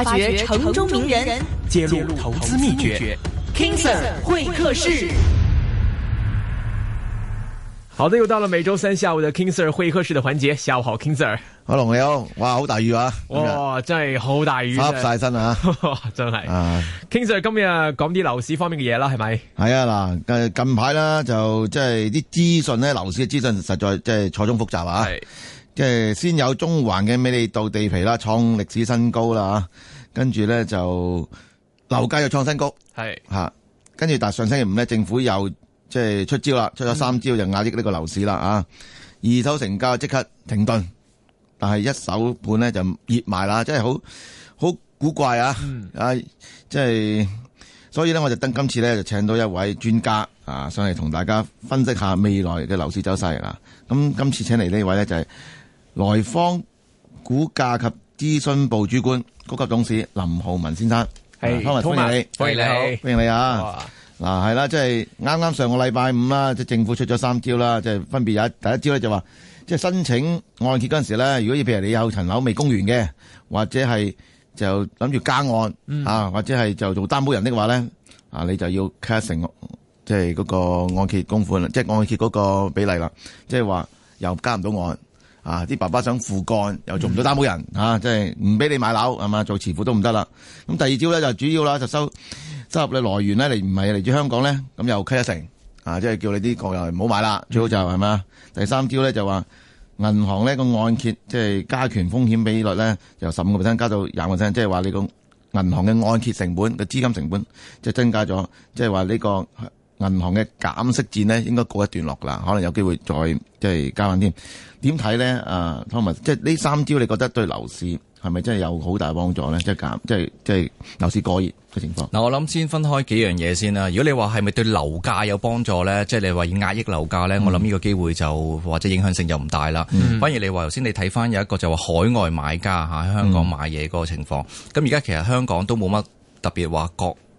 .發掘城中名人，揭露投資秘訣。King Sir 會客室，好的，又到了每周三下午的 King Sir 會客室的環節。下午好，King Sir。好，龍友，哇，大啊哦、好大雨啊！哇，真係好大雨，濕晒身啊！ 真係。King Sir 今日講啲樓市方面嘅嘢啦，係、uh, 咪？係啊，嗱，誒，近排啦，就即係啲資訊呢，樓市嘅資訊實在即係錯綜複雜啊。係。即係先有中環嘅美利道地皮啦，創歷史新高啦跟住咧就樓價又創新高，係吓，跟住但上星期五咧，政府又即係出招啦，出咗三招就壓抑呢個樓市啦啊、嗯！二手成交即刻停頓，但係一手盤咧就熱埋啦，真係好好古怪啊、嗯！啊，即係所以咧，我就等今次咧就請到一位專家啊上嚟同大家分析下未來嘅樓市走勢啦。咁、嗯、今次請嚟呢位咧就係、是。萊坊估價及諮詢部主管、高級董事林浩文先生，係 Thomas，歡迎你，歡迎你，歡迎你、嗯哦、啊！嗱、啊，係、就、啦、是，即係啱啱上個禮拜五啦，即係政府出咗三招啦，即、就、係、是、分別有一第一招咧，就話即係申請按揭嗰陣時咧，如果依譬如你有層樓未供完嘅，或者係就諗住加按、嗯、啊，或者係就做擔保人的話咧，啊，你就要 cut 成即係嗰個按揭供款啦，即係按揭嗰個比例啦，即係話又加唔到按。啊！啲爸爸想副幹又做唔到擔保人嚇，即係唔俾你買樓係嘛？做慈父都唔得啦。咁第二招咧，就主要啦，就收收入嘅來源咧，你唔係嚟自香港咧，咁又 cut 一成啊！即係叫你啲國人唔好買啦，最好就係咩？第三招咧就話銀行呢個按揭即係加權風險比率咧由十五個 percent 加到廿個 percent，即係話你個銀行嘅按揭成本嘅資金成本即係增加咗，即係話呢個銀行嘅減息戰呢應該告一段落啦，可能有機會再即係加翻添。點睇呢？啊，Thomas，即係呢三招，你覺得對樓市係咪真係有好大幫助呢？即係減，即係即係樓市過熱嘅情況。嗱、嗯嗯，我諗先分開幾樣嘢先啦。如果你話係咪對樓價有幫助呢？即係你話要壓抑樓價呢？嗯、我諗呢個機會就或者影響性就唔大啦、嗯。反而你話頭先，你睇翻有一個就話海外買家吓喺香港買嘢個情況，咁而家其實香港都冇乜特別話國。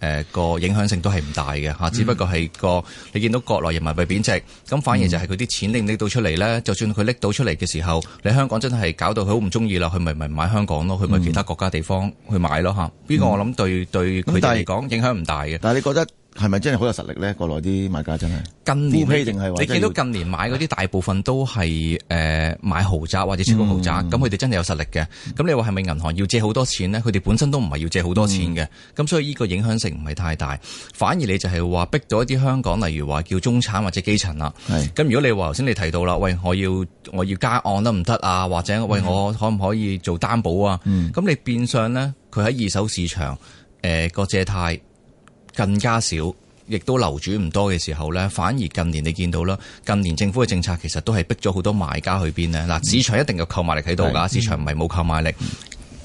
誒個影響性都係唔大嘅、嗯、只不過係個你見到國內人民幣貶值，咁、嗯、反而就係佢啲錢拎唔拎到出嚟咧。就算佢拎到出嚟嘅時候，你香港真係搞到佢好唔中意啦，佢咪咪買香港咯，佢咪其他國家地方去買咯吓，呢、嗯、個我諗對對佢哋嚟講影響唔大嘅。但係你覺得？係咪真係好有實力咧？國內啲買家真係，近年定係你見到近年買嗰啲大部分都係誒買豪宅或者超過豪宅，咁佢哋真係有實力嘅。咁、嗯、你話係咪銀行要借好多錢咧？佢、嗯、哋本身都唔係要借好多錢嘅。咁、嗯、所以呢個影響性唔係太大，反而你就係話逼咗一啲香港，例如話叫中產或者基層啦。咁如果你話頭先你提到啦，喂，我要我要加按得唔得啊？或者喂，我可唔可以做擔保啊？咁、嗯、你變相咧，佢喺二手市場誒個、呃、借貸。更加少，亦都樓主唔多嘅時候咧，反而近年你見到啦，近年政府嘅政策其實都係逼咗好多買家去邊咧。嗱、嗯，市場一定有購買力喺度㗎，市場唔係冇購買力，嗯、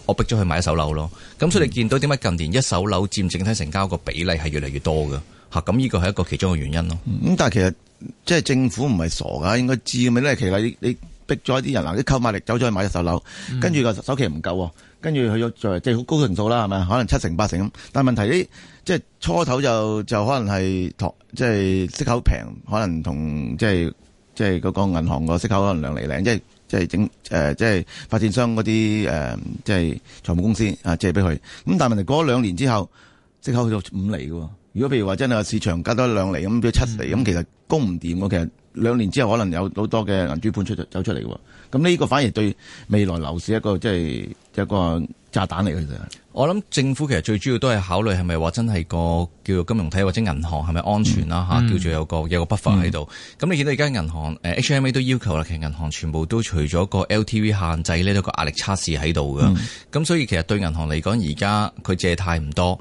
我逼咗佢買一手樓咯。咁、嗯、所以你見到點解近年一手樓佔整體成交個比例係越嚟越多嘅？嚇、啊，咁呢個係一個其中嘅原因咯。咁、嗯、但係其實即係政府唔係傻㗎，應該知㖏，因為其實你逼咗一啲人啊，啲購買力走咗去買一手樓，跟住個首期唔夠。跟住佢咗再即係好高程度啦，係咪？可能七成八成咁。但係問題呢即係初頭就就可能係托即係息口平，可能同即係即係嗰個銀行個息口可能兩厘零，即係即係整誒即係發展商嗰啲誒即係財務公司啊借俾佢。咁但係問題過咗兩年之後，息口去到五厘喎。如果譬如話真係市場加多兩厘咁，變、嗯、咗七厘咁、嗯，其實供唔掂。其實兩年之後可能有好多嘅銀主盤出走出嚟嘅。咁、這、呢個反而對未來樓市一個即係、就是、一個炸彈嚟嘅，其實，我諗政府其實最主要都係考慮係咪話真係個叫做金融體或者銀行係咪安全啦吓、嗯，叫做有個有個 buffer 喺、嗯、度。咁你見到而家銀行誒 H M A 都要求啦，其實銀行全部都除咗個 L T V 限制呢，都有個壓力測試喺度㗎。咁、嗯、所以其實對銀行嚟講，而家佢借貸唔多。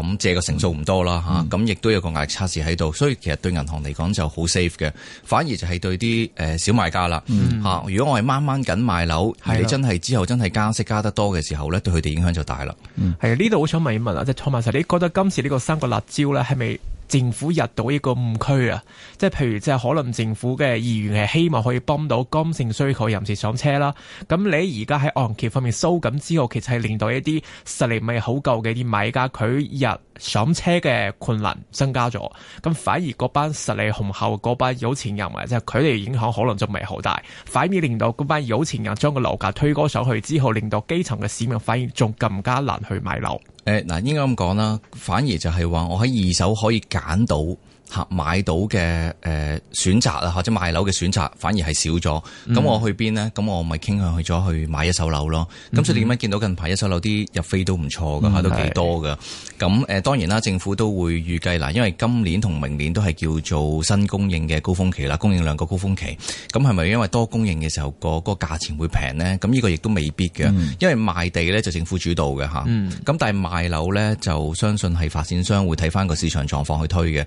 咁借嘅成數唔多啦，咁亦都有個壓力測試喺度，所以其實對銀行嚟講就好 safe 嘅，反而就係對啲、呃、小買家啦、嗯啊、如果我係掹掹緊買樓，你、嗯、真係之後真係加息加得多嘅時候咧、嗯，對佢哋影響就大啦。係、嗯、啊，呢度好想問一問啊，即係 Thomas，你覺得今次呢個三個辣椒咧，係咪？政府入到呢個誤區啊，即係譬如即係可能政府嘅議員係希望可以幫到剛性需求人士上車啦。咁你而家喺按揭方面收緊之後，其實係令到一啲實力未好夠嘅啲買家佢入上車嘅困難增加咗。咁反而嗰班實力雄厚、嗰班有錢人啊，即係佢哋影響可能就未好大。反而令到嗰班有錢人將個樓價推高上去之後，令到基層嘅市民反而仲更加難去買樓。誒嗱，應該咁講啦，反而就係話，我喺二手可以揀到，合買到嘅誒選擇啊，或者賣樓嘅選擇反而係少咗。咁、嗯、我去邊呢？咁我咪傾向去咗去買一手樓咯。咁、嗯、所以點解見到近排一手樓啲入飛都唔錯㗎？嚇、嗯，都幾多㗎。咁、嗯、誒當然啦，政府都會預計啦，因為今年同明年都係叫做新供應嘅高峰期啦，供應量個高峰期。咁係咪因為多供應嘅時候個嗰個價錢會平呢？咁、這、呢個亦都未必嘅，因為賣地咧就政府主導嘅嚇。咁、嗯、但係賣樓咧就相信係發展商會睇翻個市場狀況去推嘅。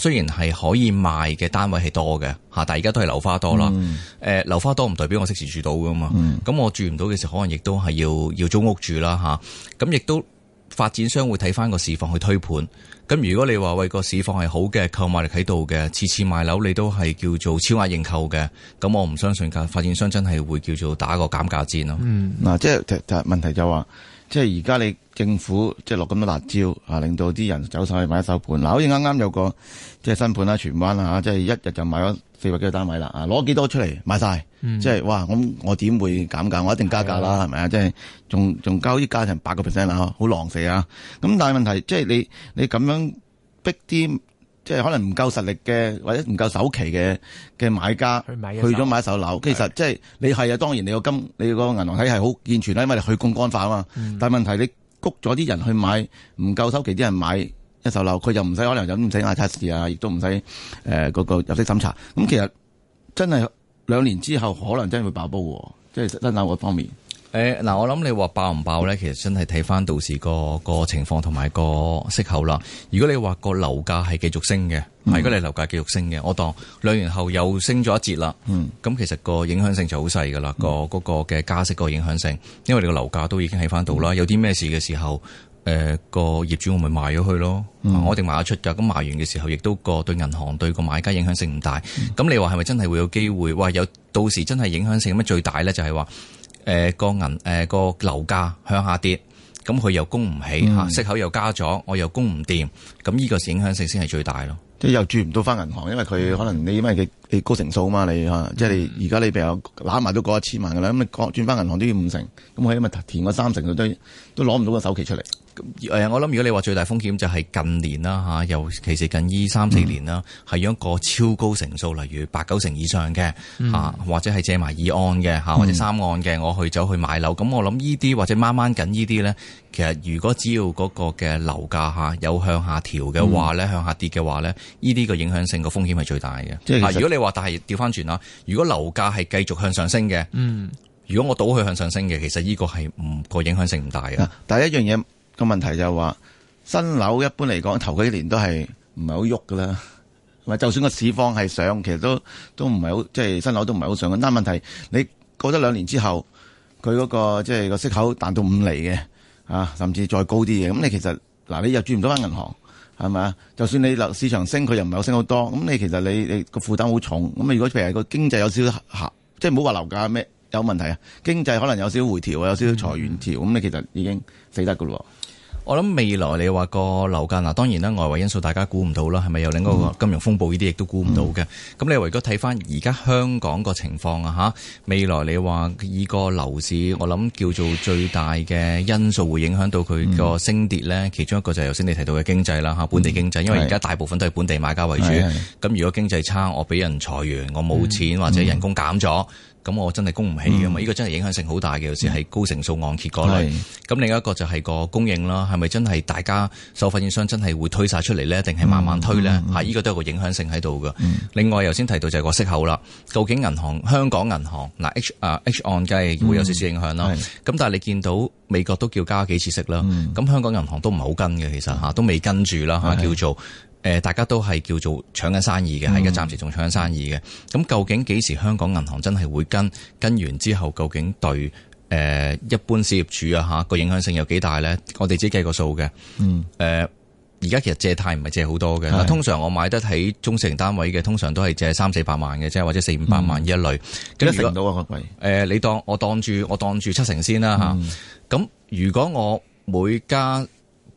雖然係可以賣嘅單位係多嘅吓，但係而家都係樓花多啦。誒、嗯，樓、呃、樓花多唔代表我適時住到噶嘛？咁、嗯、我住唔到嘅時候，可能亦都係要要租屋住啦吓。咁、啊、亦都發展商會睇翻個市況去推盤。咁如果你話為個市況係好嘅，購買力喺度嘅，次次賣樓你都係叫做超額認購嘅，咁我唔相信噶，發展商真係會叫做打個減價戰咯。嗱、嗯嗯，即係問題就話、是。即係而家你政府即係落咁多辣椒啊，令到啲人走晒去買一手盤。嗱、啊，好似啱啱有個即係新盤啦、啊，荃灣啦、啊、即係一日就買咗四百幾個單位啦啊，攞幾多出嚟買晒？嗯、即係哇，咁我點會減價？我一定加價啦，係咪啊，啊？即係仲仲交啲加成八個 percent 啦，好狼死啊！咁、啊、但係問題即係你你咁樣逼啲。即係可能唔夠實力嘅，或者唔夠首期嘅嘅買家去買，去咗買一手樓。其實即係、就是、你係啊，當然你個金，你個銀行體系好健全啦，因為你去槓桿化啊嘛、嗯。但係問題是你谷咗啲人去買，唔夠首期啲人買一手樓，佢又唔使可能有唔使壓測試啊，亦都唔使誒嗰個入息審查。咁、嗯、其實真係兩年之後可能真係會爆煲喎，即係新樓嗰方面。誒，嗱，我諗你話爆唔爆咧？其實真係睇翻到時個個情況同埋個息口啦。如果你話個樓價係繼續升嘅、嗯，如果你樓價繼續升嘅，我當兩年後又升咗一截啦。嗯，咁其實個影響性就好細噶啦，個嗰個嘅加息個影響性，因為你個樓價都已經喺翻度啦。有啲咩事嘅時候，誒、呃，個業主我咪賣咗佢咯、嗯啊。我一定賣得出噶，咁賣完嘅時候，亦都個對銀行對個買家影響性唔大。咁、嗯、你話係咪真係會有機會？哇！有到時真係影響性咁最大咧，就係、是、話。誒、嗯，個銀誒個樓價向下跌，咁佢又供唔起吓，Flag, wheels, 嗯、息口又加咗，我又供唔掂，咁呢個影響性先係最大咯。即係又轉唔到翻銀行，因為佢可能你因為佢你高成數嘛你，你吓，即係而家你比如攞埋都過一千萬噶啦，咁啊轉翻銀行都要五成，咁我起碼填個三成佢都都攞唔到個首期出嚟。誒，我諗如果你話最大風險就係近年啦吓，尤其是近依三四年啦，係、嗯、一個超高成數，例如八九成以上嘅吓、嗯，或者係借埋二按嘅吓，或者三按嘅，我去走去買樓。咁、嗯、我諗依啲或者掹掹緊依啲咧，其實如果只要嗰個嘅樓價吓有向下調嘅話咧、嗯，向下跌嘅話咧，依啲個影響性個風險係最大嘅。如果你話但係調翻轉啦，如果樓價係繼續向上升嘅，嗯，如果我倒去向上升嘅，其實依個係唔個影響性唔大嘅。第一樣嘢。個問題就係話，新樓一般嚟講，頭幾年都係唔係好喐㗎啦。就算個市況係上，其實都都唔係好，即係新樓都唔係好上嘅。但係問題，你過咗兩年之後，佢嗰個即係個息口彈到五厘嘅啊，甚至再高啲嘅。咁你其實嗱、啊，你又轉唔到翻銀行係咪啊？就算你市場升，佢又唔係升好多。咁你其實你你個負擔好重。咁如果譬如個經濟有少少，即係唔好話樓價咩有問題啊，經濟可能有少少回調，有少少財源調。咁你其實已經死得㗎咯。我諗未來你話個樓價嗱，當然啦，外圍因素大家估唔到啦，係咪有另一個金融風暴呢啲亦都估唔到嘅。咁、嗯、你話如果睇翻而家香港個情況啊，吓未來你話呢個樓市，我諗叫做最大嘅因素會影響到佢個升跌咧、嗯。其中一個就係頭先你提到嘅經濟啦，吓本地經濟，嗯、因為而家大部分都係本地買家為主。咁、嗯、如果經濟差，我俾人裁員，我冇錢、嗯、或者人工減咗。咁我真係供唔起㗎嘛，呢、嗯、個真係影響性好大嘅，有時係高成數按揭嗰類。咁是另外一個就係個供應啦，係咪真係大家受發展商真係會推晒出嚟咧，定係慢慢推咧？嚇、嗯，呢個都係個影響性喺度嘅。嗯、另外頭先提到就係個息口啦，究竟銀行香港銀行嗱 H 啊 H 按計會有少少影響啦。咁、嗯、但係你見到美國都叫加幾次息啦，咁、嗯、香港銀行都唔係好跟嘅，其實嚇，都未跟住啦嚇，叫做、嗯。是誒、呃，大家都係叫做搶緊生意嘅，係而家暫時仲搶緊生意嘅。咁究竟幾時香港銀行真係會跟跟完之後，究竟對誒、呃、一般事業主啊吓個影響性有幾大咧？我哋自己計個數嘅。嗯、呃。誒，而家其實借貸唔係借好多嘅，通常我買得起中成單位嘅，通常都係借三四百萬嘅啫，或者四五百萬一類。跟住到啊個鬼。誒、呃，你當我當住我當住七成先啦吓。咁、啊嗯、如果我每家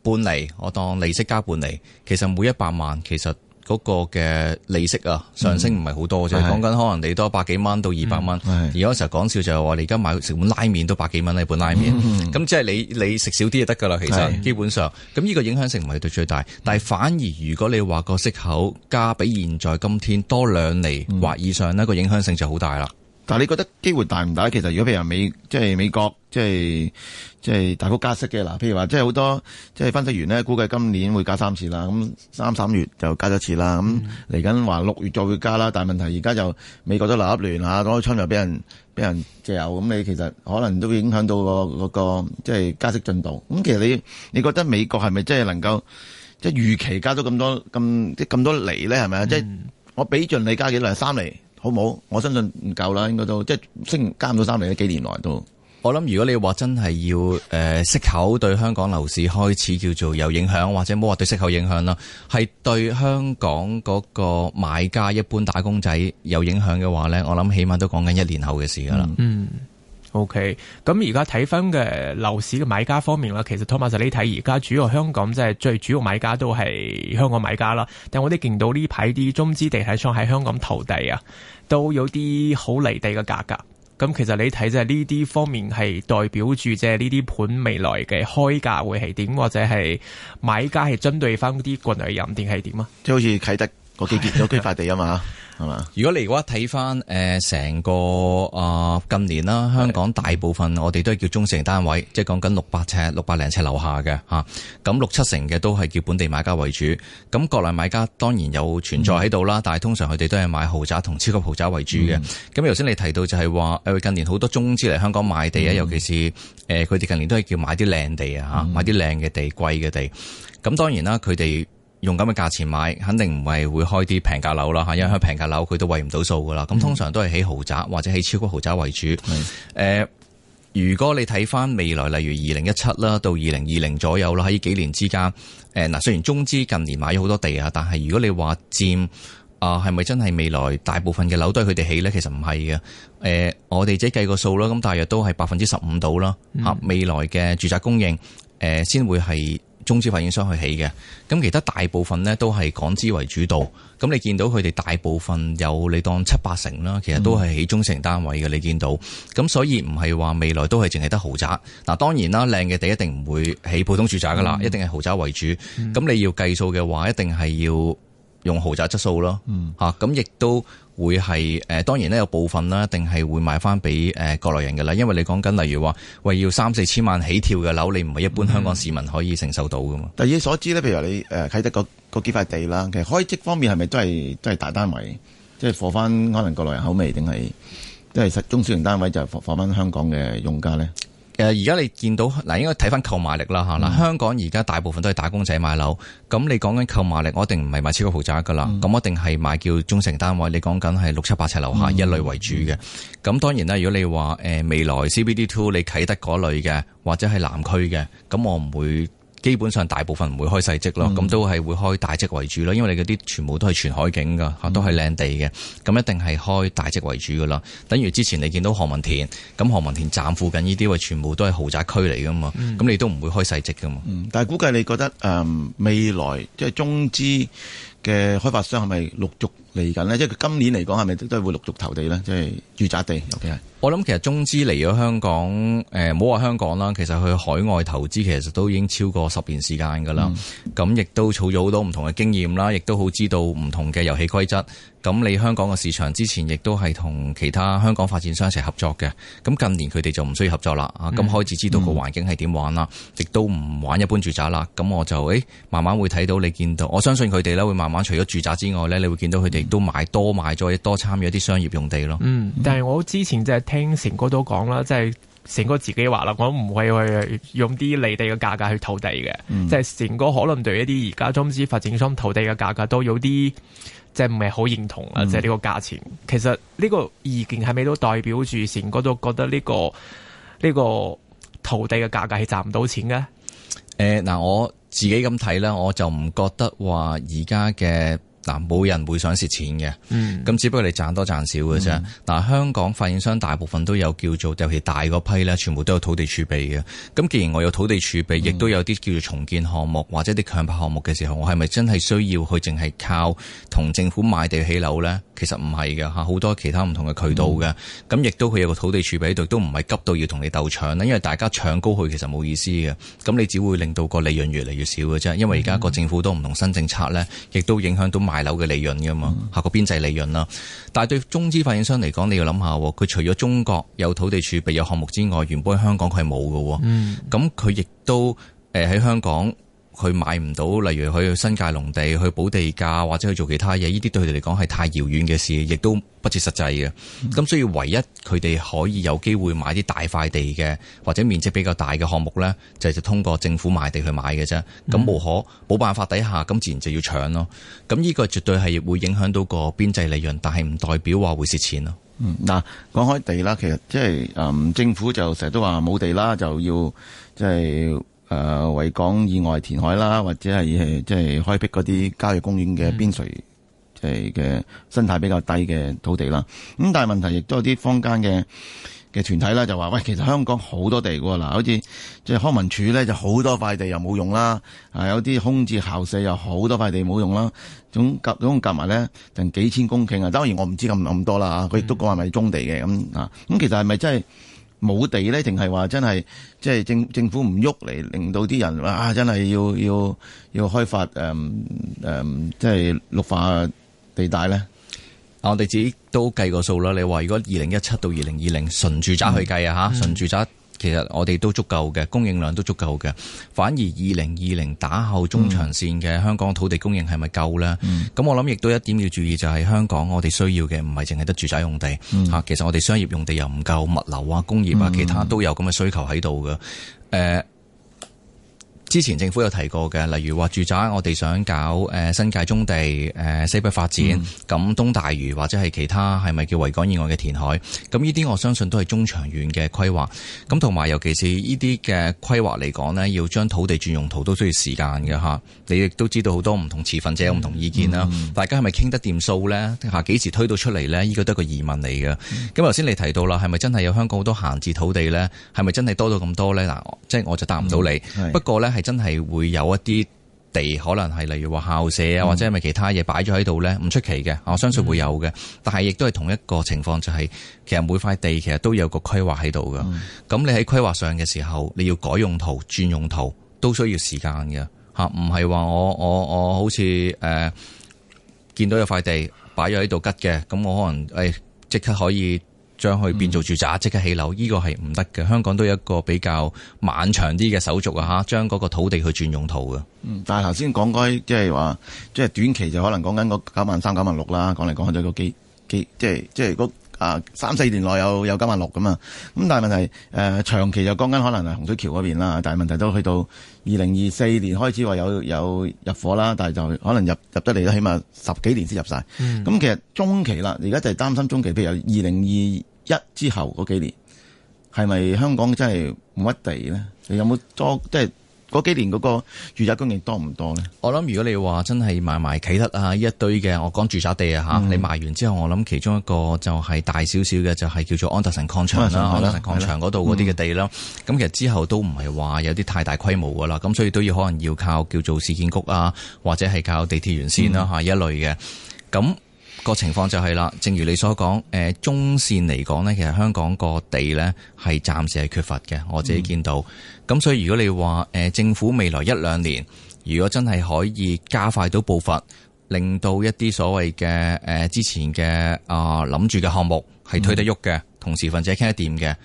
半厘，我當利息加半厘，其實每一百萬其實嗰個嘅利息啊上升唔係好多啫。講、嗯、緊、就是、可能你多百幾蚊到二百蚊，而家嗰時候講笑就係話你而家買食碗拉麵都百幾蚊啦，一碗拉麵。咁即係你你食少啲就得噶啦，其實、嗯、基本上。咁呢個影響性唔係對最大，嗯、但係反而如果你話個息口加比現在今天多兩厘或以上呢、嗯那個影響性就好大啦。但係你覺得機會大唔大？其實如果譬如美即係美國即係即係大幅加息嘅，嗱，譬如話即係好多即係分析員咧估計今年會加三次啦，咁三三月就加咗一次啦，咁嚟緊話六月再會加啦。但係問題而家就美國都鴨癥亂啊，嗰個槍又俾人俾人借油，咁你其實可能都會影響到、嗰個嗰個即係加息進度。咁其實你你覺得美國係咪真係能夠即係預期加到咁多咁即咁多厘咧？係咪啊？即係我俾盡你加幾兩三厘。好唔好？我相信唔夠啦，應該都即係升加唔到三年啦。幾年來都，我諗如果你話真係要誒、呃，息口對香港樓市開始叫做有影響，或者冇話對息口影響啦，係對香港嗰個買家一般打工仔有影響嘅話咧，我諗起碼都講緊一年後嘅事㗎喇、嗯。嗯。O K，咁而家睇翻嘅樓市嘅買家方面啦，其實 Thomas，你睇而家主要香港即係最主要買家都係香港買家啦。但係我哋見到呢排啲中資地產商喺香港投地啊，都有啲好離地嘅價格。咁其實你睇即係呢啲方面係代表住即係呢啲盤未來嘅開價會係點，或者係買家係針對翻啲國內人定係點啊？即係好似啟德嗰啲嗰幾塊地啊嘛～係嘛？如果你如果睇翻，誒，成個啊近年啦，香港大部分我哋都係叫中成單位，即係講緊六百尺、六百零尺樓下嘅吓。咁六七成嘅都係叫本地買家為主，咁國內買家當然有存在喺度啦，但係通常佢哋都係買豪宅同超級豪宅為主嘅。咁頭先你提到就係話誒，近年好多中資嚟香港買地啊、嗯，尤其是誒佢哋近年都係叫買啲靚地啊吓，買啲靚嘅地、貴嘅地。咁當然啦，佢哋。用咁嘅價錢買，肯定唔係會開啲平價樓啦嚇，因為平價樓佢都維唔到數噶啦。咁通常都係起豪宅或者起超級豪宅為主。誒，如果你睇翻未來，例如二零一七啦到二零二零左右啦，喺幾年之間，誒嗱，雖然中資近年買咗好多地啊，但係如果你話佔啊，係咪真係未來大部分嘅樓都係佢哋起呢？其實唔係嘅。誒，我哋自己計個數啦，咁大約都係百分之十五度啦。未來嘅住宅供應，誒，先會係。中資發展商去起嘅，咁其他大部分呢都係港資為主導。咁你見到佢哋大部分有你當七八成啦，其實都係起中成單位嘅。嗯、你見到，咁所以唔係話未來都係淨係得豪宅。嗱，當然啦，靚嘅地一定唔會起普通住宅噶啦，嗯、一定係豪宅為主。咁、嗯、你要計數嘅話，一定係要。用豪宅質素咯，咁亦都會係誒當然咧有部分啦，定係會買翻俾誒國內人嘅啦，因為你講緊例如話，為要三四千萬起跳嘅樓，你唔係一般香港市民可以承受到㗎嘛、嗯。但以所知咧，譬如你誒啟德嗰嗰幾塊地啦，其實開則方面係咪都係都係大單位，即係放翻可能國內人口味，定係即係實中小型單位就放翻香港嘅用家咧？誒，而家你見到嗱，應該睇返購買力啦嚇嗱，香港而家大部分都係打工仔買樓，咁你講緊購買力，我一定唔係買超級豪宅㗎喇，咁、嗯、我一定係買叫中成單位，你講緊係六七八尺樓下、嗯、一類為主嘅，咁當然啦，如果你話誒未來 CBD Two 你啟德嗰類嘅，或者係南區嘅，咁我唔會。基本上大部分唔會開細則咯，咁都係會開大則為主咯，因為你嗰啲全部都係全海景噶，都係靚地嘅，咁一定係開大則為主噶啦。等於之前你見到何文田，咁何文田站附近呢啲位全部都係豪宅區嚟噶嘛，咁、嗯、你都唔會開細則噶嘛。但係估計你覺得誒未來即係中資嘅開發商係咪陸續？嚟緊咧，即係佢今年嚟講，係咪都都會陸續投地咧？即係住宅地，尤其係我諗其實中資嚟咗香港，誒唔好話香港啦，其實去海外投資其實都已經超過十年時間㗎啦。咁、嗯、亦都儲咗好多唔同嘅經驗啦，亦都好知道唔同嘅遊戲規則。咁你香港嘅市場之前亦都係同其他香港發展商一齊合作嘅，咁近年佢哋就唔需要合作啦，咁、嗯、開始知道個環境係點玩啦、嗯，亦都唔玩一般住宅啦，咁我就誒慢慢會睇到你見到，我相信佢哋咧會慢慢除咗住宅之外咧，你會見到佢哋都買多買咗，多參與一啲商業用地咯、嗯。嗯，但係我之前就係聽成哥都講啦，即係。成哥自己話啦，我唔會去用啲離地嘅價格去投地嘅，嗯、即係成哥可能對一啲而家中資發展商投地嘅價格都有啲即係唔係好認同啊！嗯、即係呢個價錢，其實呢個意見係咪都代表住成哥都覺得呢、呢個呢、呢個投地嘅價格係賺唔到錢嘅？誒嗱、呃，我自己咁睇咧，我就唔覺得話而家嘅。嗱，冇人會想蝕錢嘅，咁、嗯、只不過你賺多賺少嘅啫。嗱、嗯，香港發展商大部分都有叫做，尤其大嗰批咧，全部都有土地儲備嘅。咁既然我有土地儲備亦都、嗯、有啲叫做重建項目或者啲強拍項目嘅時候，我係咪真係需要去淨係靠同政府買地起樓咧？其實唔係嘅吓，好多其他唔同嘅渠道嘅。咁亦都佢有個土地儲備喺度，都唔係急到要同你鬥搶啦。因為大家搶高佢，其實冇意思嘅。咁你只會令到個利潤越嚟越少嘅啫。因為而家個政府都唔同新政策咧，亦都影響到買。大樓嘅利潤噶嘛，下個邊際利潤啦。但係對中資發展商嚟講，你要諗下，佢除咗中國有土地儲備有項目之外，原本喺香港佢係冇嘅。咁、嗯、佢亦都誒喺香港。佢買唔到，例如去新界農地去補地價，或者去做其他嘢，呢啲對佢哋嚟講係太遙遠嘅事，亦都不切實際嘅。咁、嗯、所以唯一佢哋可以有機會買啲大塊地嘅，或者面積比較大嘅項目呢，就係、就、通過政府賣地去買嘅啫。咁、嗯、無可冇辦法底下，咁自然就要搶咯。咁呢個絕對係會影響到個邊際利潤，但係唔代表話會蝕錢咯。嗱、嗯，講開地啦，其實即、就、係、係嗯、政府就成日都話冇地啦，就要即係。就係誒、呃，維港以外填海啦，或者係即係開闢嗰啲郊野公園嘅邊陲，即係嘅生態比較低嘅土地啦。咁、嗯、但係問題亦都有啲坊間嘅嘅團體啦，就話喂，其實香港好多地喎、啊，嗱，好似即係康文署咧就好多塊地又冇用啦，啊，有啲空置校舍又好多塊地冇用啦，總夾總夾埋咧，就幾千公頃啊。當然我唔知咁咁多啦吓，佢、啊、亦都講係咪中地嘅咁啊。咁、嗯嗯嗯、其實係咪真係？冇地咧，定係話真係即係政政府唔喐嚟，令到啲人啊，真係要要要開發誒誒、嗯嗯，即係綠化地帶咧、嗯。啊，我哋自己都計過數啦。你話如果二零一七到二零二零純住宅去計啊吓，純住宅。其實我哋都足夠嘅，供應量都足夠嘅。反而二零二零打後中長線嘅香港土地供應係咪夠呢？咁、嗯、我諗亦都一點要注意就係、是、香港我哋需要嘅唔係淨係得住宅用地吓、嗯，其實我哋商業用地又唔夠，物流啊、工業啊、其他都有咁嘅需求喺度嘅。誒、呃。之前政府有提過嘅，例如話住宅，我哋想搞誒新界棕地誒西北發展，咁、嗯、東大嶼或者係其他係咪叫維港以外嘅填海？咁呢啲我相信都係中長遠嘅規劃，咁同埋尤其是呢啲嘅規劃嚟講咧，要將土地轉用途都需要時間嘅吓，你亦都知道好多唔同持份者有唔、嗯、同意見啦、嗯。大家係咪傾得掂數咧？吓幾時推到出嚟咧？依個都係個疑問嚟嘅。咁頭先你提到啦，係咪真係有香港好多閒置土地咧？係咪真係多到咁多咧？嗱，即係我就答唔到你、嗯。不過咧。係真係會有一啲地可能係例如話校舍啊，或者係咪其他嘢擺咗喺度呢？唔出奇嘅，我相信會有嘅。但係亦都係同一個情況，就係、是、其實每塊地其實都有個規劃喺度噶。咁你喺規劃上嘅時候，你要改用途、轉用途，都需要時間嘅吓。唔係話我我我好似誒、呃、見到有塊地擺咗喺度吉嘅，咁我可能誒即、哎、刻可以。將佢變做住宅，即刻起樓，呢個係唔得嘅。香港都有一個比較漫長啲嘅手續啊，吓，將嗰個土地去轉用途嘅。嗯，但係頭先講嗰，即係話，即係短期就可能講緊個九萬三、九萬六啦。講嚟講去都幾幾，即係即係嗰。啊，三四年內有有九萬六咁啊，咁但係問題誒、呃、長期就講緊可能係洪水橋嗰邊啦，但係問題都去到二零二四年開始話有有入伙啦，但係就可能入入得嚟都起碼十幾年先入晒。咁、嗯、其實中期啦，而家就係擔心中期，譬如二零二一之後嗰幾年係咪香港真係冇乜地咧？你有冇多即係？嗰幾年嗰個住宅供應多唔多咧？我諗如果你話真係埋埋企得啊一堆嘅，我講住宅地啊嚇，你埋完之後，我諗其中一個就係大少少嘅，就係、是、叫做安達臣礦場啦，安達臣礦場嗰度嗰啲嘅地啦。咁、啊啊啊啊啊、其實之後都唔係話有啲太大規模噶啦，咁所以都要可能要靠叫做市建局啊，或者係靠地鐵沿線啦嚇一類嘅咁。個情況就係、是、啦，正如你所講，誒中線嚟講呢，其實香港個地呢係暫時係缺乏嘅，我自己見到。咁、嗯、所以如果你話誒政府未來一兩年，如果真係可以加快到步伐，令到一啲所謂嘅誒之前嘅啊諗住嘅項目係推得喐嘅，嗯、同時份者傾得掂嘅。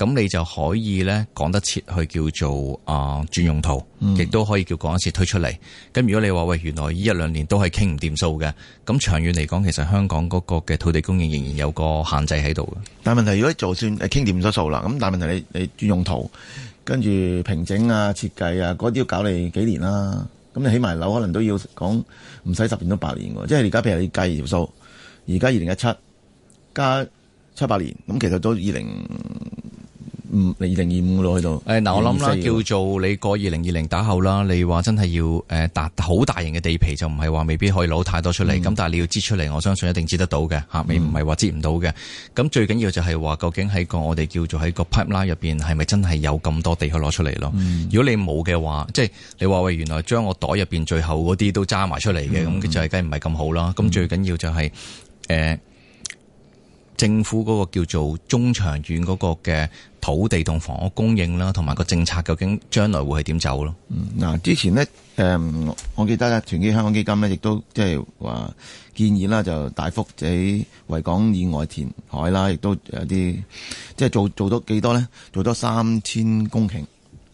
咁你就可以咧講得切去叫做啊轉用途，亦、嗯、都可以叫講得切推出嚟。咁如果你話喂，原來呢一兩年都係傾唔掂數嘅，咁長遠嚟講，其實香港嗰個嘅土地供應仍然有個限制喺度嘅。但問題如果就算傾掂咗數啦，咁但問題你你轉用途，跟住平整啊、設計啊嗰啲要搞你幾年啦、啊。咁你起埋樓可能都要講唔使十年都八年喎。即係而家譬如你計條數，而家二零一七加七八年，咁其實都二零。嗯，你二零二五咯喺度。誒，嗱我諗啦，叫做你過二零二零打後啦，你話真係要誒大好大型嘅地皮就唔係話未必可以攞太多出嚟。咁、嗯、但係你要支出嚟，我相信一定支得到嘅吓，未唔係話支唔到嘅。咁最緊要就係話，究竟喺個我哋叫做喺個 pipeline 入邊，係咪真係有咁多地可攞出嚟咯？嗯、如果你冇嘅話，即、就、係、是、你話喂，原來將我袋入邊最後嗰啲都揸埋出嚟嘅，咁、嗯、就係梗係唔係咁好啦。咁、嗯、最緊要就係、是、誒、呃，政府嗰個叫做中長遠嗰個嘅。土地同房屋供應啦，同埋個政策究竟將來會係點走咯？嗱、嗯，之前呢，誒、嗯，我記得啦，團結香港基金呢，亦都即係話建議啦，就大幅喺維港以外填海啦，亦都有啲即係做做咗幾多呢？做咗三千公頃，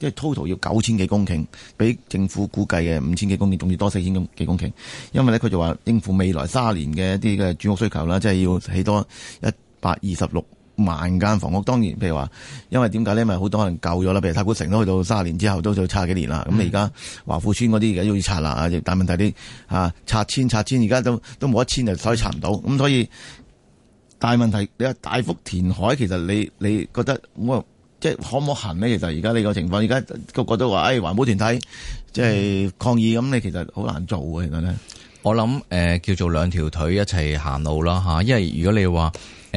即係 total 要九千幾公頃，比政府估計嘅五千幾公頃，總之多四千幾公頃，因為咧佢就話應付未來三年嘅一啲嘅住屋需求啦，即係要起多一百二十六。萬間房屋，當然，譬如話，因為點解咧？咪好多可能舊咗啦，譬如太古城都去到三十年之後都要差幾年啦。咁你而家華富村嗰啲而家都要拆啦。大問題啲，啊拆遷拆遷，而家都都冇得遷，就所以拆唔到。咁所以大問題，你話大幅填海，其實你你覺得我、嗯、即係可唔可行呢？其實而家呢個情況，而家個個都話誒環保團體即係抗議，咁你其實好難做嘅。其實咧，我諗誒、呃、叫做兩條腿一齊行路啦嚇，因為如果你話，誒、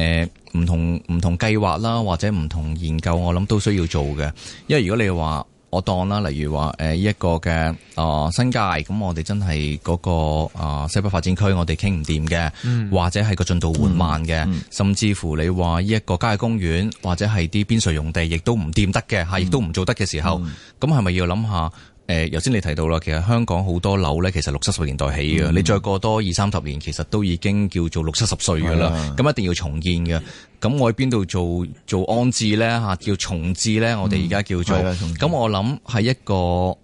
呃，唔同唔同計劃啦，或者唔同研究，我諗都需要做嘅。因為如果你話我當啦，例如話誒、呃、一個嘅啊、呃、新界，咁我哋真係嗰、嗰個啊、呃、西北發展區，我哋傾唔掂嘅，或者係個進度緩慢嘅、嗯嗯，甚至乎你話呢一個郊野公園或者係啲邊陲用地亦、嗯，亦都唔掂得嘅吓，亦都唔做得嘅時候，咁係咪要諗下？誒、呃，頭先你提到啦，其實香港好多樓咧，其實六七十年代起嘅，你、嗯、再過多二三十年，其實都已經叫做六七十歲㗎啦。咁、啊、一定要重建嘅。咁我喺邊度做做安置咧？叫重置咧，我哋而家叫做。咁、嗯嗯、我諗係一個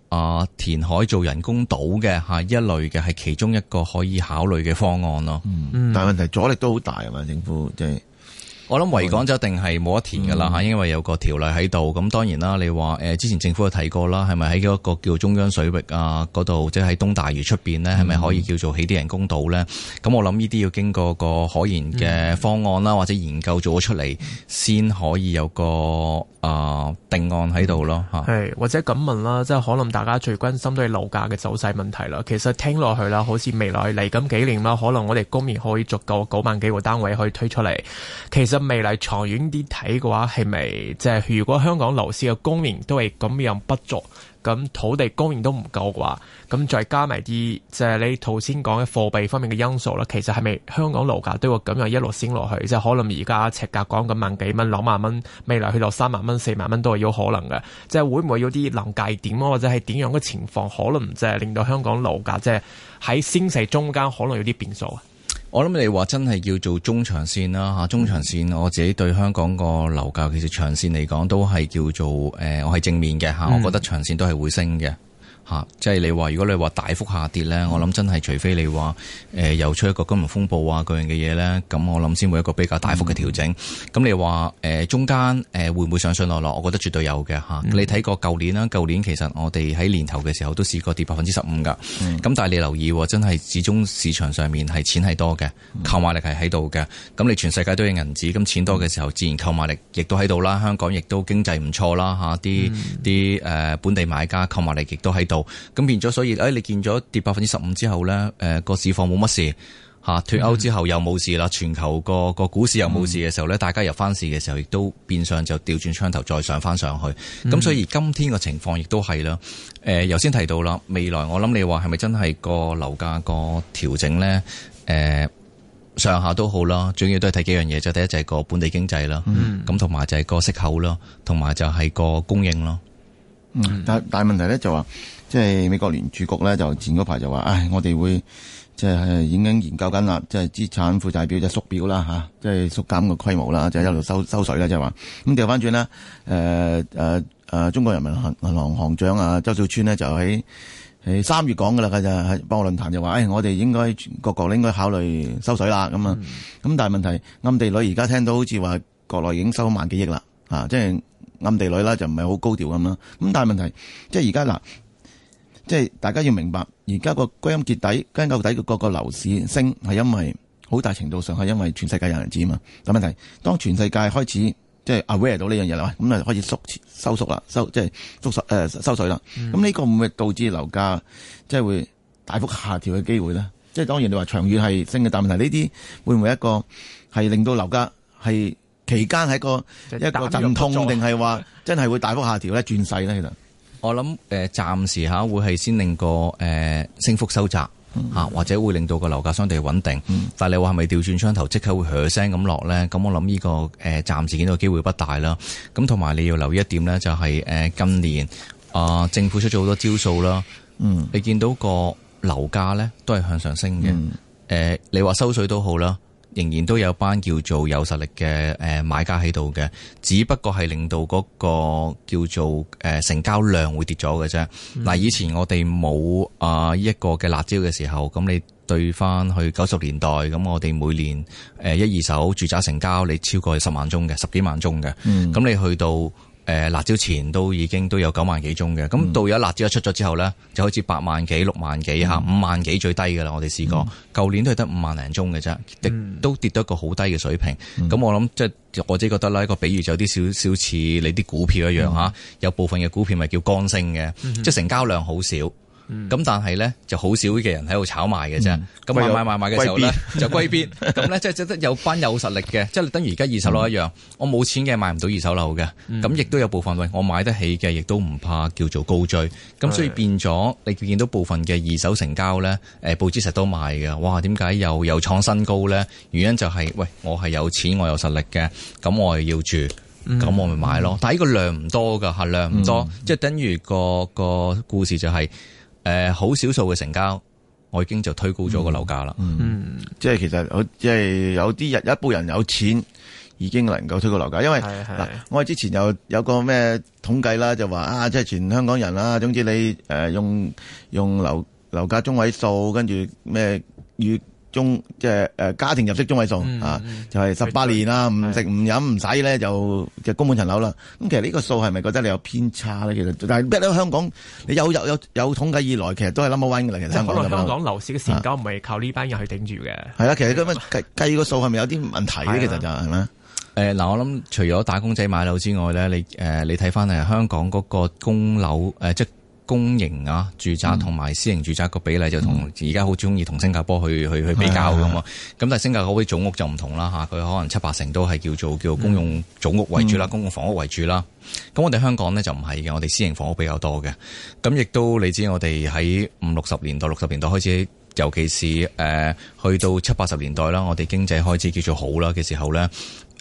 啊、呃、填海做人工島嘅嚇一類嘅，係其中一個可以考慮嘅方案咯。嗯，但係問題阻力都好大啊嘛，政府即係。就是我諗維港就一定係冇得填噶啦吓，因為有個條例喺度。咁當然啦，你話誒之前政府有提過啦，係咪喺嗰個叫中央水域啊嗰度，即係喺東大嶼出邊呢？係咪可以叫做起啲人工島呢？咁、嗯、我諗呢啲要經過個可研嘅方案啦、嗯，或者研究做咗出嚟，先可以有個啊、呃、定案喺度咯吓。係或者咁問啦，即係可能大家最關心都係樓價嘅走勢問題啦。其實聽落去啦，好似未來嚟緊幾年啦，可能我哋公年可以逐夠九萬幾個單位可以推出嚟。其實。未來長遠啲睇嘅話，係咪即係如果香港樓市嘅供應都係咁樣不足，咁土地供應都唔夠嘅話，咁再加埋啲即係你頭先講嘅貨幣方面嘅因素啦，其實係咪香港樓價都會咁樣一路升落去？即係可能而家尺價講緊萬幾蚊兩萬蚊，未來去到三萬蚊、四萬蚊都係有可能嘅。即係會唔會有啲臨界點啊？或者係點樣嘅情況，可能即係令到香港樓價即係喺升勢中間可能有啲變數啊？我諗你話真係叫做中長線啦吓，中長線我自己對香港個樓價其實長線嚟講都係叫做誒、呃，我係正面嘅吓，嗯、我覺得長線都係會升嘅。嚇，即係你話，如果你話大幅下跌咧，我諗真係除非你話，誒、呃、又出一個金融風暴啊嗰樣嘅嘢咧，咁我諗先會一個比較大幅嘅調整。咁、嗯、你話，誒、呃、中間誒會唔會上上落落？我覺得絕對有嘅嚇、嗯。你睇過舊年啦，舊年其實我哋喺年頭嘅時候都試過跌百分之十五㗎。咁、嗯、但係你留意，真係始終市場上面係錢係多嘅，購買力係喺度嘅。咁你全世界都有銀紙，咁錢多嘅時候、嗯、自然購買力亦都喺度啦。香港亦都經濟唔錯啦，嚇啲啲誒本地買家購買力亦都喺度。咁變咗，所以誒，你見咗跌百分之十五之後呢，誒個市況冇乜事吓，脫歐之後又冇事啦，全球個個股市又冇事嘅時候呢，大家入翻市嘅時候，亦都變相就調轉槍頭，再上翻上去。咁、嗯、所以今天個情況亦都係啦。誒，頭先提到啦，未來我諗你話係咪真係個樓價個調整呢？誒，上下都好啦，主要都係睇幾樣嘢，就第一就係個本地經濟啦，咁同埋就係個息口咯，同埋就係個供應咯。但、嗯、係大問題呢就話。即、就、係、是、美國聯儲局咧，就前嗰排就話，唉，我哋會即係、就是、已經研究緊啦，即、就、係、是、資產負債表就是、縮表啦，即、啊、係、就是、縮減個規模啦，就係一路收收水啦，即係話咁調翻轉呢，誒、嗯、誒、呃呃呃、中國人民行銀行行長啊，周小川呢，就喺喺三月講噶啦，佢就係博鰲論壇就話，唉、哎，我哋應該各個咧應該考慮收水啦，咁啊咁。但係問題暗地裏而家聽到好似話國內已經收萬幾億啦，即、啊、係、就是、暗地裏啦，就唔係好高調咁啦。咁但係問題即係而家嗱。即係大家要明白，而家個歸根結底、歸根究底嘅個個樓市升係因為好大程度上係因為全世界有人知啊嘛。但問題當全世界開始即係、就是、aware 到呢樣嘢啦，咁啊開始縮收縮啦、收即係收、呃、收水啦。咁、嗯、呢個唔會導致樓價即係會大幅下調嘅機會咧？即係當然你話長遠係升嘅，但問題呢啲會唔會一個係令到樓價係期間一個、就是、一個陣痛定係話真係會大幅下調咧、 轉勢咧？其實？我諗誒，暫時吓會係先令個誒升幅收窄吓，嗯，或者會令到個樓價相對穩定。嗯，但係你話係咪調轉槍頭即刻會響聲咁落咧？咁我諗呢個誒暫時見到機會不大啦。咁同埋你要留意一點咧，就係誒今年啊政府出咗好多招數啦。嗯，你見到個樓價咧都係向上升嘅。誒，嗯呃，你話收水都好啦。仍然都有班叫做有實力嘅誒買家喺度嘅，只不過係令到嗰個叫做誒成交量會跌咗嘅啫。嗱、嗯，以前我哋冇啊呢一個嘅辣椒嘅時候，咁你對翻去九十年代，咁我哋每年誒一二手住宅成交你超過十萬宗嘅，十幾萬宗嘅，咁、嗯、你去到。誒辣椒前都已經都有九萬幾宗嘅，咁到咗辣椒一出咗之後咧，就開始八萬幾、六萬幾嚇、五、嗯、萬幾最低嘅啦。我哋試過，舊、嗯、年都係得五萬零宗嘅啫，都跌到一個好低嘅水平。咁、嗯、我諗即係我自己覺得啦，一個比喻就有啲少少似你啲股票一樣嚇、嗯，有部分嘅股票咪叫乾升嘅，即成交量好少。咁、嗯、但係咧就好少嘅人喺度炒賣嘅啫，咁、嗯、買買買買嘅時候咧就歸邊咁咧，即係即有班有實力嘅，即、就、係、是、等於而家二手樓一樣，嗯、我冇錢嘅買唔到二手樓嘅，咁、嗯、亦都有部分喂我買得起嘅，亦都唔怕叫做高追，咁、嗯、所以變咗你見到部分嘅二手成交咧，誒，報紙實都賣嘅，哇，點解又又創新高咧？原因就係、是、喂我係有錢，我有實力嘅，咁我係要住，咁、嗯、我咪買咯。嗯、但係呢個量唔多噶，係量唔多，即、嗯、係、就是、等於、那個、那個故事就係、是。誒、呃，好少數嘅成交，我已經就推高咗個樓價啦。嗯，嗯即係其實即係有啲人，一部人有錢，已經能夠推高樓價。因為嗱，我之前有有個咩統計啦，就話啊，即係全香港人啦，總之你誒、呃、用用樓樓價中位數，跟住咩月？中即係誒家庭入息中位數、嗯、啊，就係十八年啦，唔食唔飲唔使咧，就、嗯、就供滿層樓啦。咁其實呢個數係咪覺得你有偏差咧？其實，但係香港，你有有有有統計以來，其實都係 number one 嘅。其實，可能香港，香港樓市嘅成交唔係靠呢班人去頂住嘅。係啊，其實咁計計個數係咪有啲問題咧？其實就係、是、咩？誒嗱、呃，我諗除咗打工仔買樓之外咧，你誒、呃、你睇翻係香港嗰個供樓誒、呃、即。公營啊，住宅同埋私營住宅個比例就同而家好中意同新加坡去去、嗯、去比較咁嘛，咁，但係新加坡嘅組屋就唔同啦嚇，佢可能七八成都係叫做叫公用組屋為主啦、嗯，公共房屋為主啦。咁、嗯、我哋香港呢就唔係嘅，我哋私營房屋比較多嘅。咁亦都你知我哋喺五六十年代、六十年代開始，尤其是誒、呃、去到七八十年代啦，我哋經濟開始叫做好啦嘅時候呢。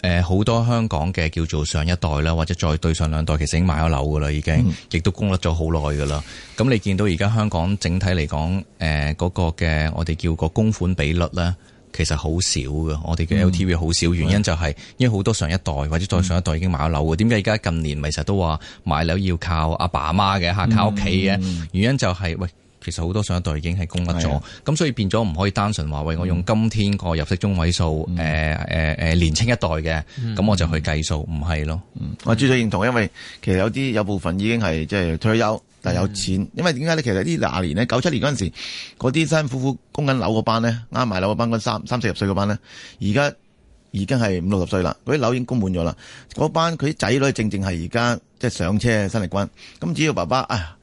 誒好多香港嘅叫做上一代啦，或者再對上兩代，其實已經買咗樓噶啦，已經，亦都供甩咗好耐噶啦。咁、嗯、你見到而家香港整體嚟講，誒、呃、嗰、那個嘅我哋叫個供款比率咧，其實好少噶。我哋嘅 LTV 好少，嗯、原因就係因為好多上一代或者再上一代已經買咗樓嘅。點解而家近年咪成日都話買樓要靠阿爸阿媽嘅吓靠屋企嘅？嗯、原因就係、是、喂。其實好多上一代已經係供得咗，咁、啊、所以變咗唔可以單純話喂，我用今天個入息中位數，誒誒誒年青一代嘅，咁、嗯、我就去計數，唔、嗯、係咯。嗯、我絕對認同，因為其實有啲有部分已經係即係退休，但係有錢。嗯、因為點解咧？其實年97年婦婦呢廿年咧，九七年嗰陣時，嗰啲辛辛苦苦供緊樓嗰班咧，啱買樓嗰班嗰三三四十歲嗰班咧，而家已經係五六十歲啦。嗰啲樓已經供滿咗啦。嗰班佢啲仔女正正係而家即係上車嘅生力軍，咁只要爸爸啊！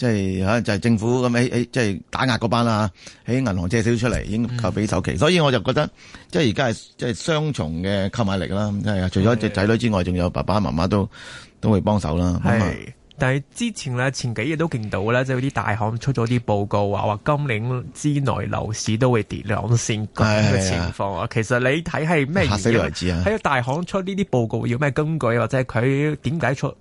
即係就係、是、政府咁即係打壓嗰班啦，喺銀行借少出嚟，已經夠俾首期、嗯，所以我就覺得即係而家係即係雙重嘅購買力啦，啊！除咗只仔女之外，仲有爸爸媽媽都都會幫手啦。係、嗯嗯，但係之前咧，前幾日都見到啦，即係啲大行出咗啲報告話話今年之內樓市都會跌兩線咁嘅情況啊！其實你睇係咩意思啊？喺大行出呢啲報告要咩根據，或者係佢點解出？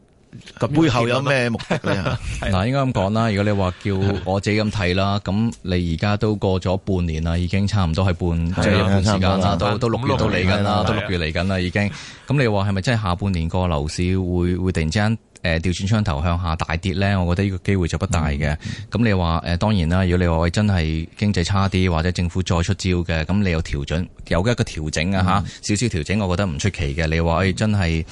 背後有咩目的啊？嗱， 應該咁講啦。如果你話叫我自己咁睇啦，咁你而家都過咗半年啦，已經差唔多係半即係一半時間啦。都都六月都嚟緊啦，都六月嚟緊啦已經。咁你話係咪真係下半年個樓市會會突然之間誒調轉槍頭向下大跌咧？我覺得呢個機會就不大嘅。咁、嗯、你話誒、呃，當然啦。如果你話我真係經濟差啲，或者政府再出招嘅，咁你調有調整有嘅一個調整啊吓，少少調整，嗯啊、小小調整我覺得唔出奇嘅。你話我、欸、真係。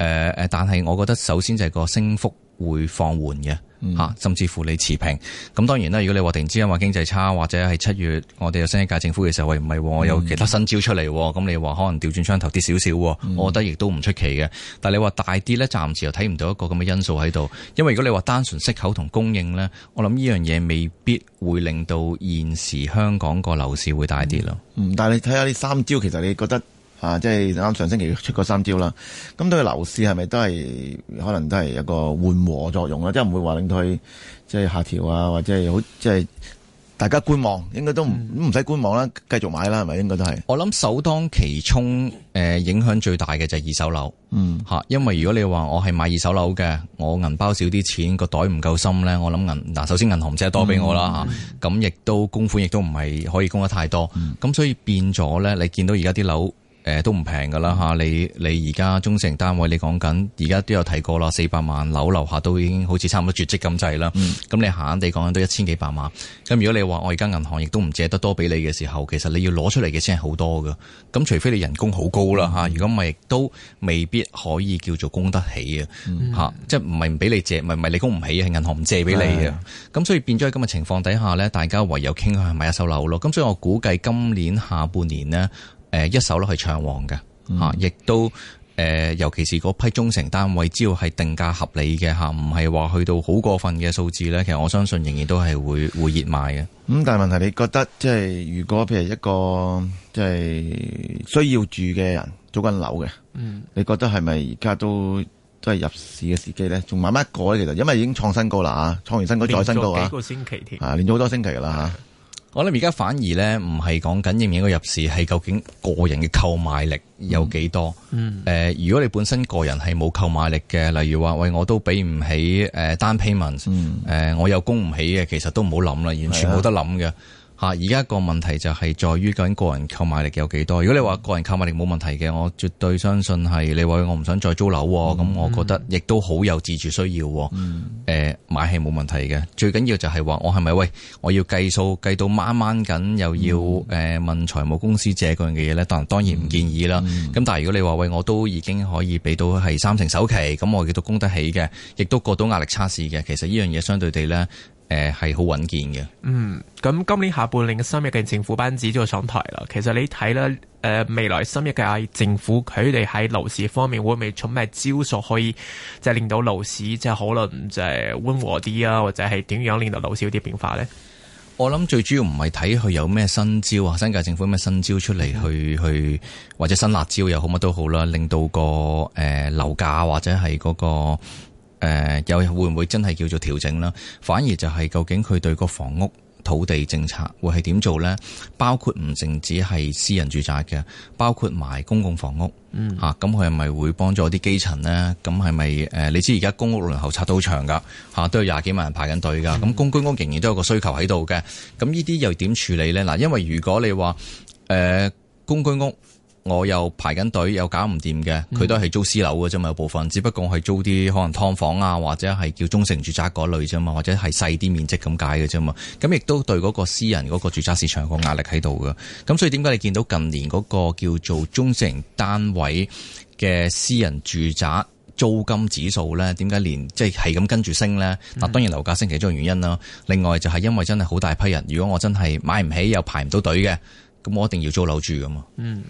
誒、呃、誒，但係我覺得首先就係個升幅會放緩嘅，吓、嗯，甚至乎你持平。咁當然啦，如果你話突然之間話經濟差，或者係七月我哋有新一屆政府嘅時候，喂唔係，我有其他新招出嚟，咁、嗯、你話可能調轉槍頭跌少少，嗯、我覺得亦都唔出奇嘅。但係你話大跌咧，暫時又睇唔到一個咁嘅因素喺度。因為如果你話單純息口同供應咧，我諗呢樣嘢未必會令到現時香港個樓市會大跌咯、嗯。但係你睇下呢三招，其實你覺得？啊，即係啱上星期出個三招啦。咁對個樓市係咪都係可能都係有個緩和作用啦？即係唔會話令佢即係下調啊，或者係好即係大家觀望，應該都唔唔使觀望啦，繼續買啦，係咪應該都係？我諗首當其衝，誒、呃、影響最大嘅就係二手樓。嗯，因為如果你話我係買二手樓嘅，我銀包少啲錢，個袋唔夠深咧，我諗嗱首先銀行借多俾我啦嚇，咁、嗯啊、亦都供款亦都唔係可以供得太多，咁、嗯、所以變咗咧，你見到而家啲樓。誒，都唔平噶啦吓，你你而家中成單位，你講緊而家都有睇過啦，四百萬樓樓下都已經好似差唔多絕跡咁滯啦。咁、嗯、你閒閒地講緊都一千幾百萬。咁如果你話我而家銀行亦都唔借得多俾你嘅時候，其實你要攞出嚟嘅先係好多㗎。咁除非你人工好高啦嚇，如果唔係亦都未必可以叫做供得起嘅嚇、嗯，即係唔係唔俾你借，唔係唔係你供唔起，係銀行唔借俾你啊。咁所以變咗喺咁嘅情況底下呢，大家唯有傾向買一手樓咯。咁所以我估計今年下半年呢。誒、呃，一手樓係暢旺嘅吓，亦、啊、都誒、呃，尤其是嗰批中成單位，只要係定價合理嘅吓，唔係話去到好過分嘅數字咧，其實我相信仍然都係會會熱賣嘅。咁、嗯、但係問題，你覺得即係如果譬如一個即係需要住嘅人租緊樓嘅，你覺得係咪而家都都係入市嘅時機咧？仲慢慢改其實，因為已經創新高啦吓，創完新高再新高啊，連咗幾個星期添啊，連咗好多星期啦吓。我諗而家反而咧，唔係講緊應唔應該入市，係究竟個人嘅購買力有幾多？誒、嗯嗯呃，如果你本身個人係冇購買力嘅，例如話喂，我都俾唔起誒、呃、單 payment，誒、嗯、呃、我又供唔起嘅，其實都唔好諗啦，完全冇得諗嘅。吓，而家個問題就係在於究竟個人購買力有幾多？如果你話個人購買力冇問題嘅，我絕對相信係你話我唔想再租樓喎，咁、嗯、我覺得亦都好有自住需要喎、嗯。買係冇問題嘅，最緊要就係話我係咪喂，我要計數計到掹掹緊，又要誒問財務公司借嗰樣嘅嘢咧？當當然唔建議啦。咁、嗯嗯、但係如果你話喂，我都已經可以俾到係三成首期，咁我叫做供得起嘅，亦都過到壓力測試嘅，其實呢樣嘢相對地咧。誒，係好穩健嘅。嗯，咁今年下半年嘅新一屆嘅政府班子都上台啦。其實你睇啦，誒、呃，未來新一屆嘅政府佢哋喺樓市方面會唔會出咩招數可以，即係令到樓市即係可能即係溫和啲啊，或者係點樣令到樓市有啲變化咧？我諗最主要唔係睇佢有咩新招啊，新界政府咩新招出嚟去、嗯、去，或者新辣椒又好乜都好啦，令到個誒樓價或者係嗰、那個。誒、呃，又會唔會真係叫做調整啦？反而就係究竟佢對個房屋土地政策會係點做咧？包括唔淨止係私人住宅嘅，包括埋公共房屋，吓咁佢係咪會幫助啲基層咧？咁係咪誒？你知而家公屋輪候冊都長噶吓、啊，都有廿幾萬人排緊隊噶。咁、嗯、公居屋仍然都有個需求喺度嘅。咁呢啲又點處理咧？嗱，因為如果你話誒、呃、公居屋。我又排緊隊又搞唔掂嘅，佢都係租私樓嘅啫嘛，有部分只不過係租啲可能劏房啊，或者係叫中成住宅嗰類啫嘛，或者係細啲面積咁解嘅啫嘛，咁亦都對嗰個私人嗰個住宅市場個壓力喺度嘅。咁所以點解你見到近年嗰個叫做中成單位嘅私人住宅租金指數呢？點解連即係咁跟住升呢？嗱，當然樓價升其中原因啦。另外就係因為真係好大批人，如果我真係買唔起又排唔到隊嘅。咁我一定要租樓住㗎嘛。嗯，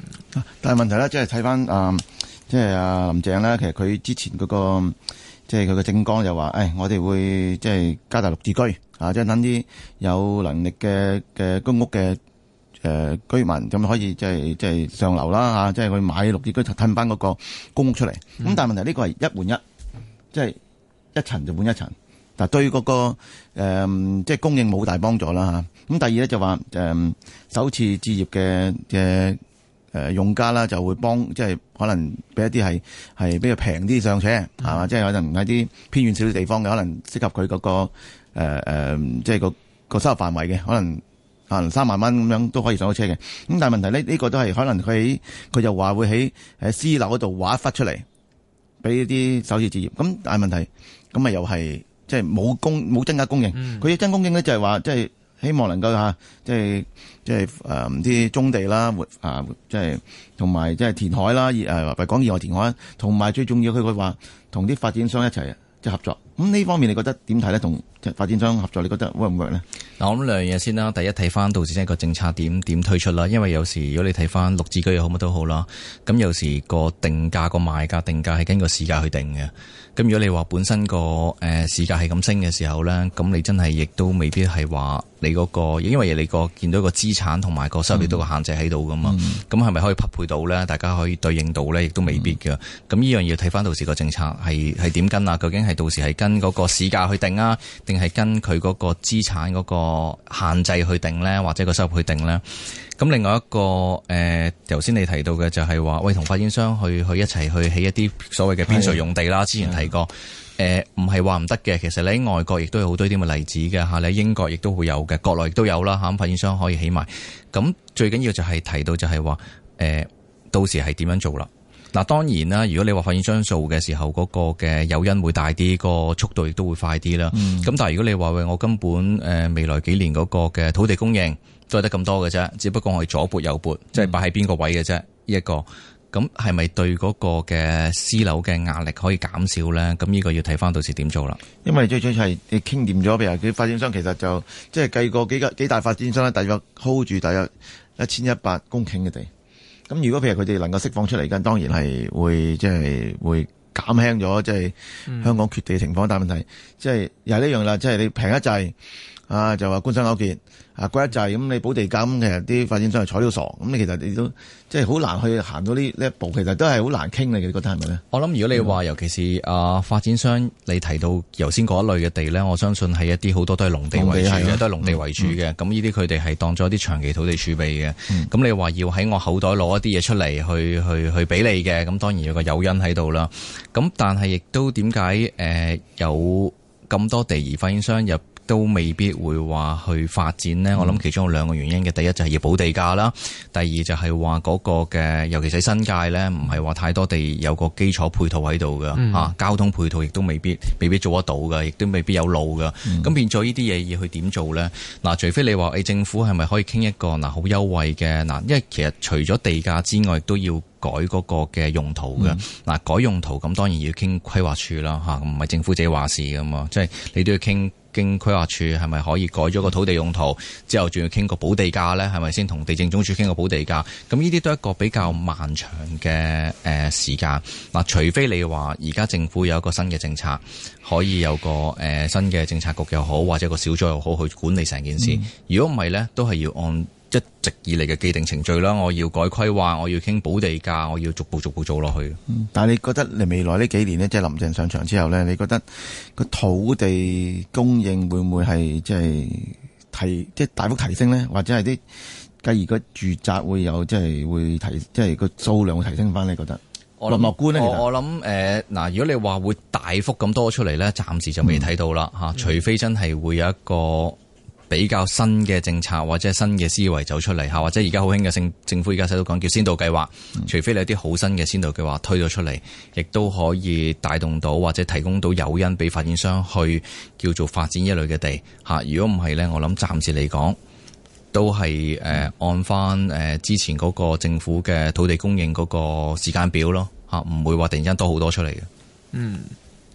但係問題咧，即係睇翻啊，即係阿林鄭咧，其實佢之前嗰個即係佢個政綱就係話，誒，我哋會即係加大綠置居啊，即係等啲有能力嘅嘅公屋嘅誒居民咁可以即係即係上樓啦啊，即係去買綠置居，就吞翻嗰個公屋出嚟。咁但係問題呢個係一換一，即係一層就換一層。嗱、那個，對嗰個即係供應冇大幫助啦咁、啊、第二咧就話誒、嗯，首次置業嘅嘅誒用家啦，就會幫即係可能俾一啲係係比較平啲上車、嗯、即係可能喺啲偏遠少少地方嘅，可能適合佢嗰、那個誒、呃呃、即係個,個收入範圍嘅，可能可能三萬蚊咁樣都可以上到車嘅。咁但係問題咧，呢、這個都係可能佢喺，佢就話會喺私樓嗰度畫一忽出嚟，俾啲首次置業。咁但係問題，咁啊又係。即係冇供冇增加供應，佢嘅增供應咧就係話即係希望能夠吓即係即係誒啲棕地啦，啊即係同埋即係填海啦，誒話唔係講意外填海，同埋最重要佢佢話同啲發展商一齊即係合作。咁呢方面，你覺得點睇呢？同發展商合作，你覺得會唔會呢？嗱，我諗兩樣嘢先啦。第一，睇翻到時先個政策點點推出啦。因為有時如果你睇翻六字居又好乜都好啦，咁有時個定價個賣價定價係根據市價去定嘅。咁如果你話本身個誒市價係咁升嘅時候呢，咁你真係亦都未必係話你嗰、那個，因為你個見到個資產同埋個收入都個限制喺度噶嘛。咁係咪可以匹配到呢，嗯？大家可以對應到呢，亦都未必嘅。咁、嗯、呢樣要睇翻到時個政策係點跟啊？究竟係到時係跟。跟嗰個市價去定啊，定係跟佢嗰個資產嗰個限制去定呢？或者個收入去定呢？咁另外一個誒，頭、呃、先你提到嘅就係話，喂，同發展商去去一齊去起一啲所謂嘅邊稅用地啦。之前提過，誒，唔係話唔得嘅。其實你喺外國亦都有好多啲嘅例子嘅。吓，你喺英國亦都會有嘅，國內亦都有啦。吓，發展商可以起埋。咁最緊要就係提到就係話，誒、呃，到時係點樣做啦？嗱當然啦，如果你話可以將數嘅時候，嗰、那個嘅誘因會大啲，那個速度亦都會快啲啦。咁、嗯、但係如果你話喂，我根本未來幾年嗰個嘅土地供應都係得咁多嘅啫，只不過我係左撥右撥，即、嗯、係、就是、擺喺邊個位嘅啫。呢、這、一個咁係咪對嗰個嘅私樓嘅壓力可以減少咧？咁呢個要睇翻到時點做啦。因為最主要係你傾掂咗，譬如啲發展商其實就即係、就是、計過幾家幾大發展商咧，大概 hold 住大約一千一百公頃嘅地。咁如果譬如佢哋能夠釋放出嚟嘅，當然係會即係、就是、會減輕咗即係香港缺地嘅情況。嗯、但係問題即係又係呢樣啦，即、就、係、是、你平一截。啊，就話官商勾結啊，一就係咁，你補地價，咁，其實啲發展商係坐到傻，咁你其實你都即係好難去行到呢呢一步，其實都係好難傾你嘅，你覺得係咪咧？我諗如果你話，嗯、尤其是啊發展商，你提到頭先嗰類嘅地咧，我相信係一啲好多都係農地為主，啊、都係農地為主嘅。咁呢啲佢哋係當咗一啲長期土地儲備嘅。咁、嗯、你話要喺我口袋攞一啲嘢出嚟，去去去俾你嘅，咁當然有個誘因喺度啦。咁但係亦都點解、呃、有咁多地而發展商入，都未必會話去發展呢。我諗其中有兩個原因嘅，嗯、第一就係要補地價啦，第二就係話嗰個嘅，尤其喺新界呢，唔係話太多地有個基礎配套喺度㗎。吓、嗯啊、交通配套亦都未必未必做得到㗎，亦都未必有路㗎。咁、嗯啊、變咗呢啲嘢要去點做呢？嗱、啊，除非你話誒、欸、政府係咪可以傾一個嗱好優惠嘅嗱、啊，因為其實除咗地價之外，亦都要改嗰個嘅用途㗎。嗱、嗯啊、改用途咁當然要傾規劃處啦，吓唔係政府自己話事噶嘛，即、就、係、是、你都要傾。經規劃處係咪可以改咗個土地用途之後，仲要傾個補地價呢？係咪先同地政總署傾個補地價？咁呢啲都係一個比較漫長嘅誒時間。嗱，除非你話而家政府有一個新嘅政策，可以有個誒新嘅政策局又好，或者個小組又好去管理成件事。如果唔係呢，都係要按。一直以嚟嘅既定程序啦，我要改規劃，我要傾補地價，我要逐步逐步做落去。嗯、但係你覺得你未來呢幾年呢，即、就、係、是、林鄭上場之後呢，你覺得個土地供應會唔會係即係提即係、就是、大幅提升呢？或者係啲假如個住宅會有即係、就是、會提即係個數量會提升翻你覺得立唔立觀呢？我諗誒嗱，如果你話會大幅咁多出嚟呢，暫時就未睇到啦嚇、嗯，除非真係會有一個，比較新嘅政策或者新嘅思維走出嚟嚇，或者而家好興嘅政政府而家成日都講叫先導計劃，除非你有啲好新嘅先導計劃推咗出嚟，亦都可以帶動到或者提供到誘因俾發展商去叫做發展一類嘅地嚇。如果唔係呢，我諗暫時嚟講都係誒按翻誒之前嗰個政府嘅土地供應嗰個時間表咯嚇，唔會話突然間多好多出嚟嘅。嗯。